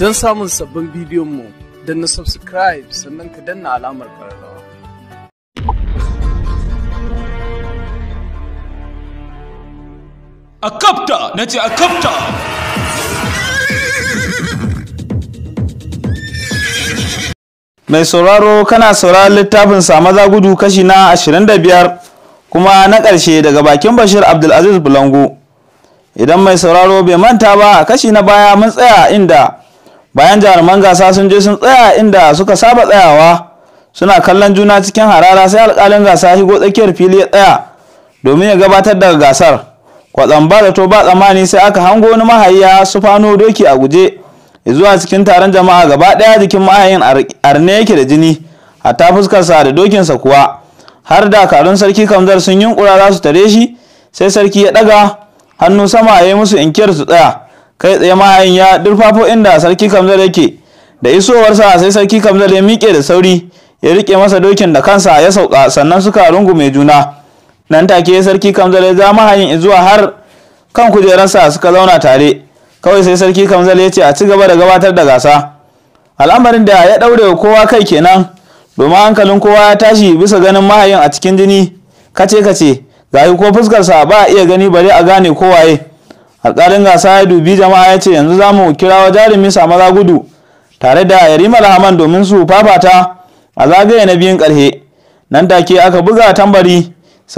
don samun sabbin bidiyon mu don na subscribe sannan ka danna alamar ƙararrawa. A kapta! Na ce a kapta! Mai sauraro kana sauraron littafin maza gudu kashi na 25 kuma na ƙarshe daga bakin Bashir Abdulaziz Bulangu, Idan mai sauraro bai manta ba kashi na baya mun tsaya inda bayan jaruman gasa sun je sun tsaya inda suka saba tsayawa suna kallon juna cikin harara sai alƙalin gasa higo tsakiyar fili ya tsaya domin ya gabatar da gasar kwatsam ba to ba tsammani sai aka hango wani mahayya su fano doki a guje zuwa cikin taron jama'a gaba ɗaya jikin mahayin arne yake da jini hatta fuskarsa da dokinsa kuwa har dakarun sarki kamzar sun yunkura za su tare shi sai sarki ya ɗaga hannu sama ya yi musu inkiyar su tsaya kai tsaye mahayin ya durfafo inda sarki kamzar yake da isowarsa sai sarki kamzar ya miƙe da sauri ya rike masa dokin da kansa ya sauka sannan suka rungu mai juna nan take sarki kamzar ya ja mahayin zuwa har kan kujerarsa suka zauna tare kawai sai sarki kamzal ya ce a ci gaba da gabatar da gasa al'amarin da ya daure wa kowa kai kenan domin hankalin kowa ya tashi bisa ganin mahayin a cikin jini kace kace yi ko fuskarsa ba a iya gani bare a gane kowaye alƙalin gasa ya dubi jama'a ya ce yanzu za mu kira wa jarumi maza gudu tare da yarima rahaman domin su fafata a zagaye na biyun ƙarhe nan take aka buga tambari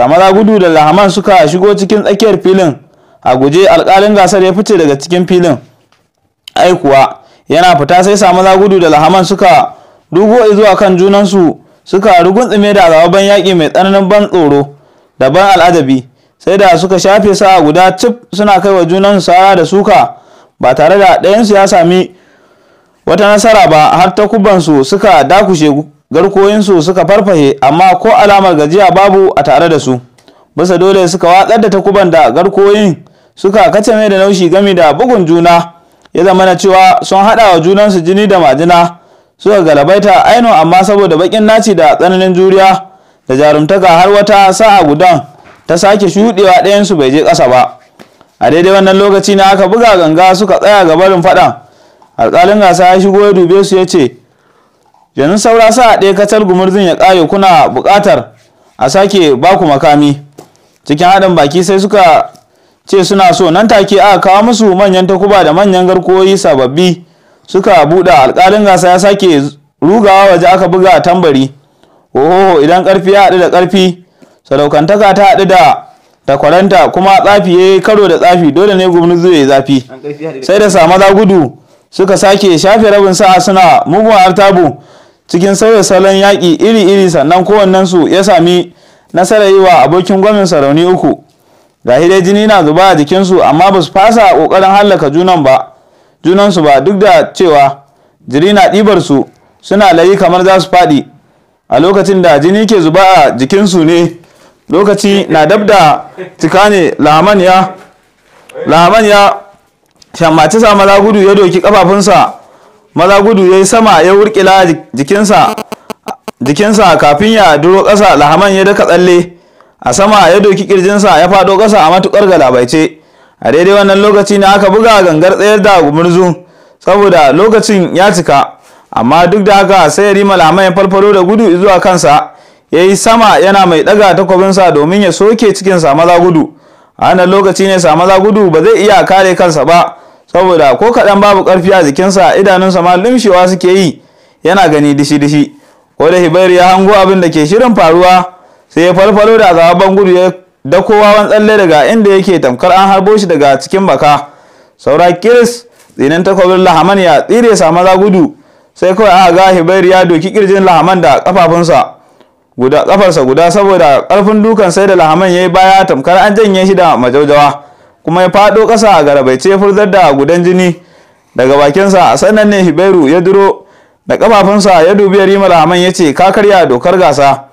maza gudu da lahaman suka shigo cikin tsakiyar filin a guje alƙalin gasar ya fice daga cikin filin ai kuwa yana fita sai maza gudu da lahaman suka dugo zuwa kan junansu suka tsime da azababan yaƙi mai tsananin ban tsoro da ban al'ajabi sai da suka shafe sa'a guda cif suna kai wa junan sara da suka ba tare da ɗayansu ya sami wata nasara ba har ta takubansu suka dakushe garkoyinsu suka farfahe amma ko alamar gajiya babu a tare da su bisa dole suka watsar da takuban da garkoyin suka kace mai da naushi gami da bugun juna ya zama na cewa sun haɗa wa junansu jini da majina suka galabaita aino amma saboda baƙin naci da tsananin juriya da jarumtaka har wata sa'a gudan ta sake shuɗewa ɗayansu bai je ƙasa ba a daidai wannan lokaci na aka buga ganga suka tsaya ga barin faɗan alƙalin gasa ya shigo ya dube su ya ce yanzu saura sa ɗaya kacal gumurzin ya ƙare kuna buƙatar a sake baku makami cikin haɗin baki sai suka ce suna so nan take aka kawo musu manyan takuba da manyan garkuwoyi sababbi suka buɗe alƙalin gasa ya sake rugawa waje aka buga tambari ohoho idan ƙarfi ya haɗu da ƙarfi sadaukantaka ta haɗu da takwaranta kuma tsafi ya karo da tsafi dole ne gumni zuwa zafi sai da sa za gudu suka sake shafe rabin sa'a suna mugun tabu cikin sauya salon yaƙi iri-iri sannan kowannensu ya sami nasarar yi wa abokin gwamnan sarauni uku ga dai jini na zuba a jikinsu amma ba su fasa ƙoƙarin hallaka junan ba junansu ba duk da cewa jiri na ɗibar su suna layi kamar za su faɗi a lokacin da jini ke zuba a jikinsu ne lokaci na dab da cika ne laman ya shammaci sa maza gudu ya doki kafafunsa maza gudu ya yi sama ya wurkila jikinsa jikinsa kafin ya duro ƙasa lahaman ya daka tsalle a sama ya doki kirjinsa ya fado ƙasa a matukar galabaice a daidai wannan lokaci ne aka buga gangar tsayar da gumurzu saboda lokacin ya cika amma duk da haka sai rima lahaman ya farfaro da gudu zuwa kansa ya yi sama yana mai ɗaga takwabinsa domin ya soke cikin maza gudu a wannan lokaci ne maza gudu ba zai iya kare kansa ba saboda ko kaɗan babu ƙarfi a jikinsa idanunsa ma lumshewa suke yi yana gani dishi-dishi ko da hibairu ya hango abin da ke shirin faruwa sai ya falfalo da azaban gudu ya dako wawan tsalle daga inda yake tamkar an harbo shi daga cikin baka saura kiris tsinin takwabin lahaman ya tsire maza gudu sai kawai aka ga hibairu ya doki kirjin lahaman da kafafunsa guda kafarsa guda saboda karfin dukan sai da lahaman ya yi baya tamkar an janye shi da majaujawa kuma ya fado kasa a garabaice furzar da gudan jini daga bakinsa sannan ne hibairu ya duro da kafafunsa ya dubi yarima lahaman ya ce ka karya dokar gasa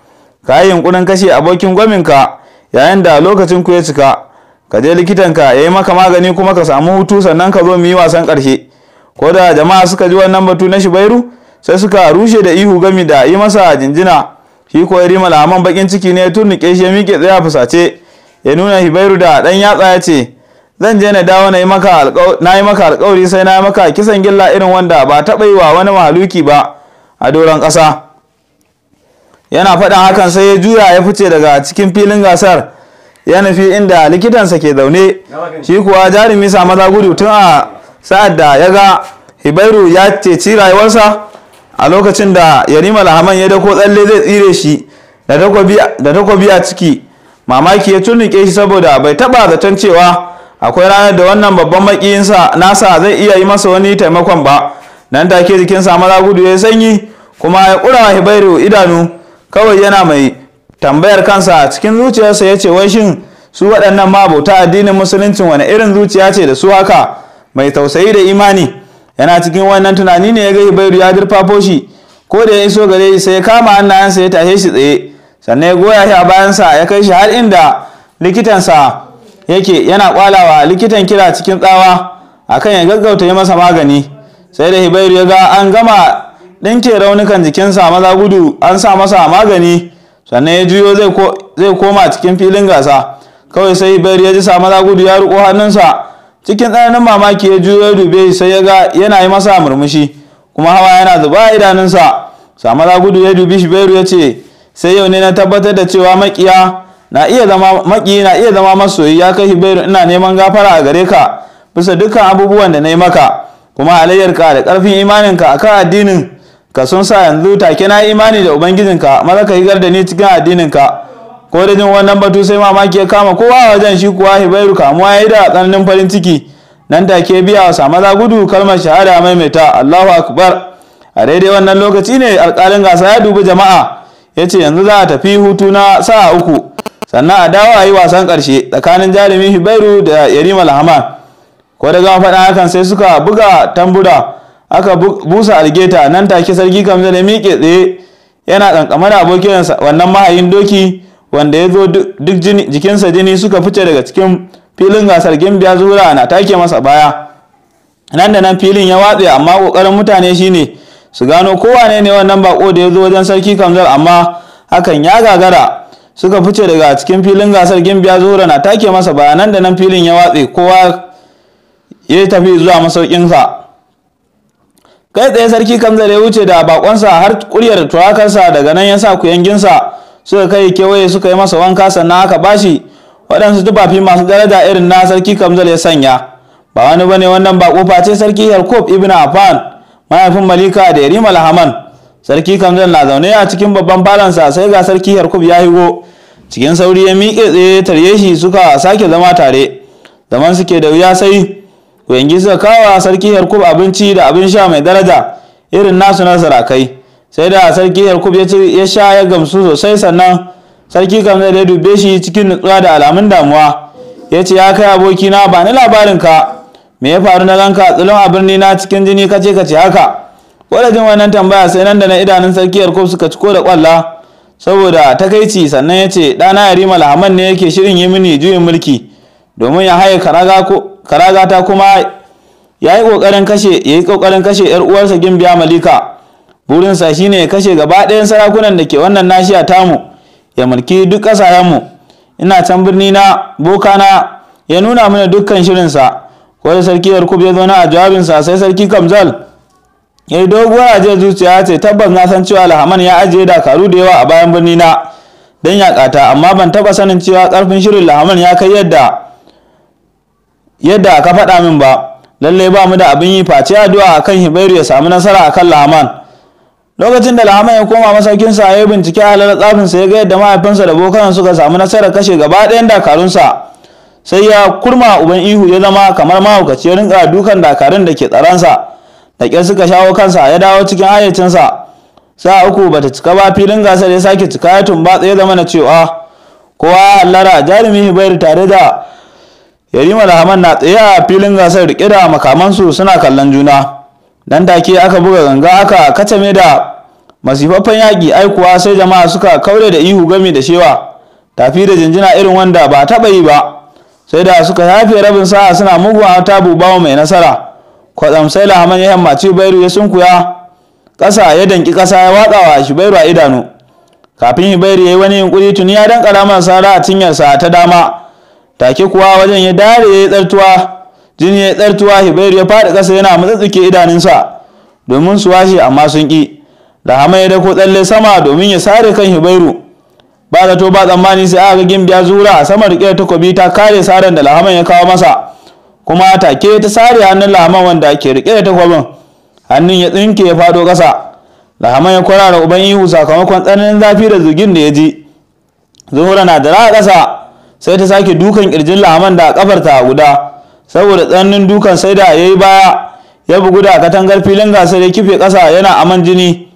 ka yi yunkurin kashe abokin gwaminka yayin da lokacin ku ya cika ka je likitanka ya yi maka magani kuma ka samu hutu sannan ka zo mu yi wasan karshe ko da jama'a suka ji wannan batu na shibairu sai suka rushe da ihu gami da yi masa jinjina shi ko rima laman bakin ciki ne ya turnike shi ya miƙe a fusace ya nuna hibairu da ɗan yatsa ya ce zan je na dawo na yi maka alkawari sai na yi maka kisan gilla irin wanda ba taɓa yi wa wani mahaluki ba a doron ƙasa yana faɗin hakan sai ya juya ya fice daga cikin filin gasar ya nufi inda likitansa ke zaune shi kuwa jarumi sa maza gudu tun a sa'ad da ya ga hibairu ya ceci rayuwarsa a lokacin da yarima lahaman ya dako tsalle zai tsire shi da takobi a ciki mamaki ya tunnuke shi saboda bai taba zaton cewa akwai ranar da wannan babban makiyinsa nasa zai iya yi masa wani taimakon ba nan take jikinsa maza gudu ya sanyi kuma ya kura wa hibairu idanu kawai yana mai tambayar kansa cikin zuciyarsa ya ce wai shin su waɗannan mabauta addinin musuluncin wani irin zuciya ce da su haka mai tausayi da imani yana cikin wannan tunani ne ya ga Hubairu ya durfafo shi ko da ya iso gare shi sai ya kama hannayensa ya tashe shi tsaye sannan ya goya shi a bayansa ya kai shi har inda likitansa yake yana kwalawa likitan kira cikin tsawa akan ya gaggauta yi masa magani sai da Hubairu ya ga an gama ɗinke raunukan jikinsa maza gudu an sa masa magani sannan ya juyo zai koma cikin filin gasa kawai sai Hubairu ya ji sa maza gudu ya riko hannunsa cikin tsananin mamaki ya juyo dube sai ya ga yana yi masa murmushi kuma hawa yana zuba a idanunsa za gudu ya dubi shi bairu ya ce sai yau ne na tabbatar da cewa makiya na iya zama maki na iya zama masoyi ya kai shi bairu ina neman gafara a gare ka bisa dukkan abubuwan da na yi maka kuma alayyarka da karfin imaninka kan addinin ka sun sa yanzu take na imani da ubangijinka maza ka yi da ni cikin addininka ko da jin wannan batu sai mamaki ya kama kowa a wajen shi kuwa hibairu kamuwa ya yi da tsananin farin ciki nan ke biya wa samaza gudu kalmar shahada maimaita allahu akbar a daidai wannan lokaci ne alkalin gasa ya dubi jama'a ya ce yanzu za a tafi hutu na sa'a uku sannan a dawo a yi wasan karshe tsakanin jarumin hibairu da yarima lahama ko da gama faɗa hakan sai suka buga tambura aka busa algeta nan take sarki kamza ya miƙe tsaye yana ƙanƙama abokinsa abokin wannan mahayin doki wanda ya zo duk jikinsa jini suka fice daga cikin filin gasar gimbiya zura na take masa baya nan da nan filin ya watse amma kokarin mutane shine su gano kowane ne wannan bako da ya zo wajen sarki kamzar amma hakan ya gagara suka fice daga cikin filin gasar gimbiya zura na take masa baya nan da nan filin ya watse kowa ya tafi zuwa masaukinsa kai tsaye sarki kamzar ya wuce da bakonsa har kuryar turakarsa daga nan ya sa kuyanginsa suka kai kewaye suka yi masa wanka sannan aka bashi waɗansu tufafi masu daraja irin na sarki kamzal ya sanya ba wani bane wannan ba kofa ce sarki yarkob ibn afan mahaifin malika da yarima lahaman sarki kamzal na zaune a cikin babban falansa sai ga sarki yarkob ya higo cikin sauri ya miƙe tsaye tarye shi suka sake zama tare zaman suke da wuya sai yangi suka kawo sarki yarkob abinci da abin sha mai daraja irin nasu na sarakai sai da sarki yarkub ya ce ya sha ya gamsu sosai sannan sarki kam zai dai dube shi cikin nutsuwa da alamun damuwa ya ce ya kai abokina ba ni labarin ka me ya faru na ranka tsilon a birni na cikin jini kace kace haka ko jin wannan tambaya sai nan da na idanun sarki yarkub suka ci ko da kwalla saboda takaici sannan ya ce ɗana yarima lahaman ne yake shirin yi mini juyin mulki domin ya haye karagata kuma ya yi ƙoƙarin kashe ya yi ƙoƙarin kashe 'yar uwarsa gimbiya malika burinsa shine ya kashe gaba ɗayan sarakunan da ke wannan nashiya tamu ya mulki duk ƙasayenmu ina can birni na boka na ya nuna mana dukkan shirinsa ko da sarki yarkub ya zauna a jawabinsa sai sarki kamzal ya yi doguwar ajiyar zuciya ya ce tabbas na san cewa alhaman ya ajiye dakaru da yawa a bayan birni na don yaƙata amma ban taɓa sanin cewa karfin shirin lahaman ya kai yadda yadda ka faɗa min ba lallai ba mu da abin yi face addu'a akan hibairu ya samu nasara akan lahaman lokacin da lama ya koma masaukinsa ya yi bincike a halar tsafinsa ya ga yadda mahaifinsa da bokan suka samu nasarar kashe gaba ɗayan dakarunsa sai ya kurma uban ihu ya zama kamar mahaukaci ya rinka dukan dakarun da ke tsaransa da ƙyar suka shawo kansa ya dawo cikin hayyacinsa sa uku bata cika ba filin gasar ya sake cika ya tumba tsaye zama na cewa kowa allara hallara jarumi hibairu tare da yarima lahaman na tsaye a filin gasar rike da makamansu suna kallon juna nan take aka buga ganga aka katame da masifaffen yaƙi aikuwa sai jama'a suka kaure da ihu game da shewa tafi da jinjina irin wanda ba taɓa yi ba sai da suka yafe rabin sa'a suna mugun ta bawa mai nasara kwatsam sai lahaman ya hammaci bairu ya sunkuya ƙasa ya danki ƙasa ya watsawa shibairu a idanu kafin bairu ya yi wani yunkuri tuni ya danƙa ramar sara a cinyarsa ta dama take kuwa wajen ya dare ya yi tsartuwa jini ya tsartuwa hibairu ya faɗi ƙasa yana matsatsuke idanunsa domin su washe amma sun ƙi hama ya dako tsalle sama domin ya sare kan hibairu ba to ba tsammani sai aka gimbi biya zura sama riƙe takwabi ta kare saran da lahaman ya kawo masa kuma take ta sare hannun lahaman wanda ke riƙe da takobin hannun ya tsinke ya faɗo ƙasa lahaman ya kwarara uban ihu sakamakon tsananin zafi da zugin da ya ji zuhura na da ra'a ƙasa sai ta sake dukan ƙirjin lahaman da ƙafarta guda saboda tsananin dukan sai da yi baya ya bugu da katangar filin gasar ya kife kasa yana aman jini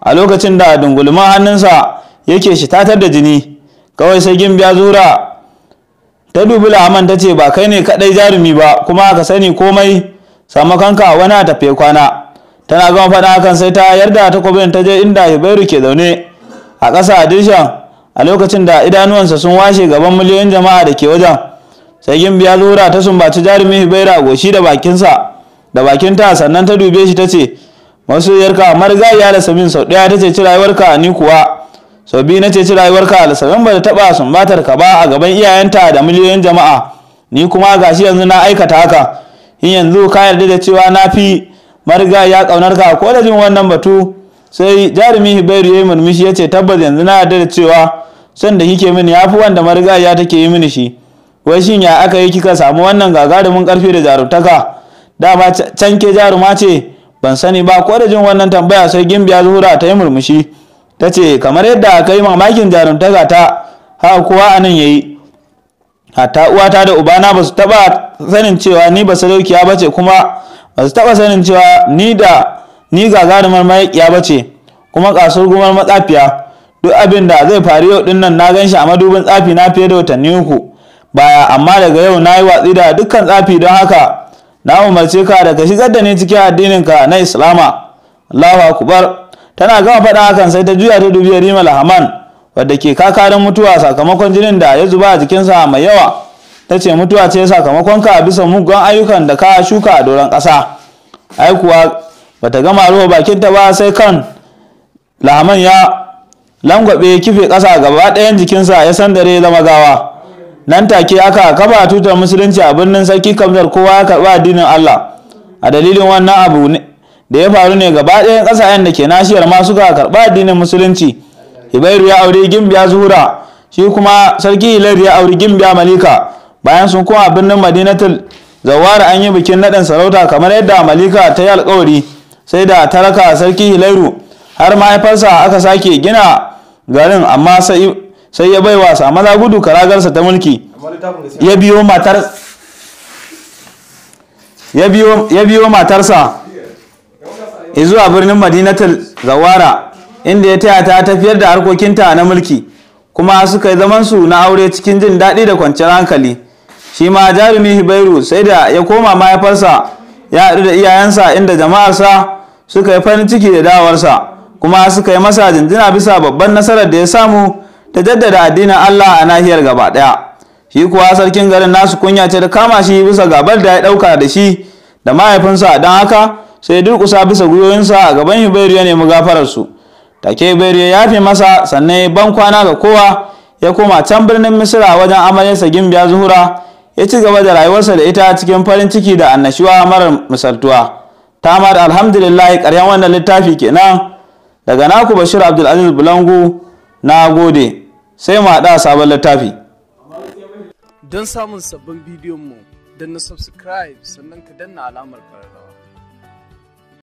a lokacin da dungulman hannunsa yake shi tatar da jini kawai sai gimbiya zura ta dubi la'aman ta ce ba kai ne kaɗai jarumi ba kuma ka sani komai samu kanka wani a tafe kwana tana gama faɗa hakan sai ta yarda takobin ta je inda hibairu ke zaune a ƙasa a dirshan a lokacin da idanuwansa sun washe gaban miliyoyin jama'a da ke wajen sai ya zura ta sumbaci jarumin hibaira goshi da bakinsa da bakinta sannan ta dube shi ta ce masoyarka marigayya da alasamin sau ɗaya ta ce ci rayuwarka ni kuwa sau biyu na ce ci rayuwarka ka samin ba da taɓa sumbatar ka ba a gaban iyayenta da miliyoyin jama'a ni kuma gashi yanzu na aikata haka in yanzu ka yarda da cewa na fi ya ƙaunar ka ko da jin wannan batu sai jarumin hibairu ya yi murmushi ya ce tabbas yanzu na yarda da cewa son da kike mini ya fi wanda marigayya take yi mini shi wai shin ya aka yi kika samu wannan gagarumin karfi da jarumtaka dama can ke jaruma ce ban sani ba ko da jin wannan tambaya sai gimbiya zuhura ta yi murmushi ta ce kamar yadda aka yi mamakin jarumtaka ta haka kowa a nan ya yi hatta uwata da ubana ba su taɓa sanin cewa ni ba sadaukiya ba ce kuma ba su taɓa sanin cewa ni da ni gagarumar mayakiya ba ce kuma gumar matsafiya duk abin da zai faru yau din nan na gan shi a madubin tsafi na fiye da watanni uku baya amma daga yau na yi watsi da dukkan tsafi don haka na umarce ka daga ka shigar da ni cikin addininka na islama allahu akbar tana gama faɗa hakan sai ta juya ta dubi yarima lahaman wadda ke kakarin mutuwa sakamakon jinin da ya zuba a jikinsa mai yawa ta ce mutuwa ce sakamakon ka bisa mugun ayyukan da ka shuka a doron ƙasa ai kuwa bata gama ruwa bakin ta ba sai kan lahaman ya langwabe kife ƙasa gaba ɗayan jikinsa ya sandare zama gawa nan take aka kafa tutar musulunci a birnin sarki kamzar kowa ya karɓi addinin Allah a dalilin wannan abu da ya faru ne gaba ɗayan ƙasashen da ke nashiyar ma suka karɓi addinin musulunci Hibairu ya auri Gimbiya Zuhura shi kuma sarki Hilar ya auri Gimbiya Malika bayan sun koma birnin Madinatul Zawara an yi bikin naɗin sarauta kamar yadda Malika ta yi alƙawari sai da taraka sarki Hilairu har mahaifarsa aka sake gina garin amma sai sai ya bai wasa maza gudu karagarsa ta mulki ya biyo matar ya matarsa zuwa birnin madinatul zawara inda ya taya ta tafiyar da harkokinta na mulki kuma suka yi zamansu na aure cikin jin daɗi da kwanciyar hankali shi ma jarumi hibairu sai da ya koma mahaifarsa ya haɗu da iyayensa inda jama'arsa suka yi farin ciki da dawarsa kuma suka yi masa jinjina bisa babban nasarar da ya samu da jaddada addinin Allah a nahiyar gaba ɗaya shi kuwa sarkin garin nasu kunya ce da kama shi bisa gabar da ya ɗauka da shi da mahaifinsa don haka sai durƙusa bisa gwiwoyinsa a gaban Hubairu ya nemi gafararsu take Hubairu ya yafe masa sannan ban kwana ga kowa ya koma can birnin Misira wajen sa Gimbiya Zuhura ya ci gaba da rayuwarsa da ita cikin farin ciki da annashuwa marar misaltuwa tamar alhamdulillah ƙarshen wannan littafi kenan daga naku Bashir Abdulaziz Bulangu na gode sai mu haɗa sabon littafi don samun sabbin bidiyon mu na subscribe sannan ka danna alamar kararrawa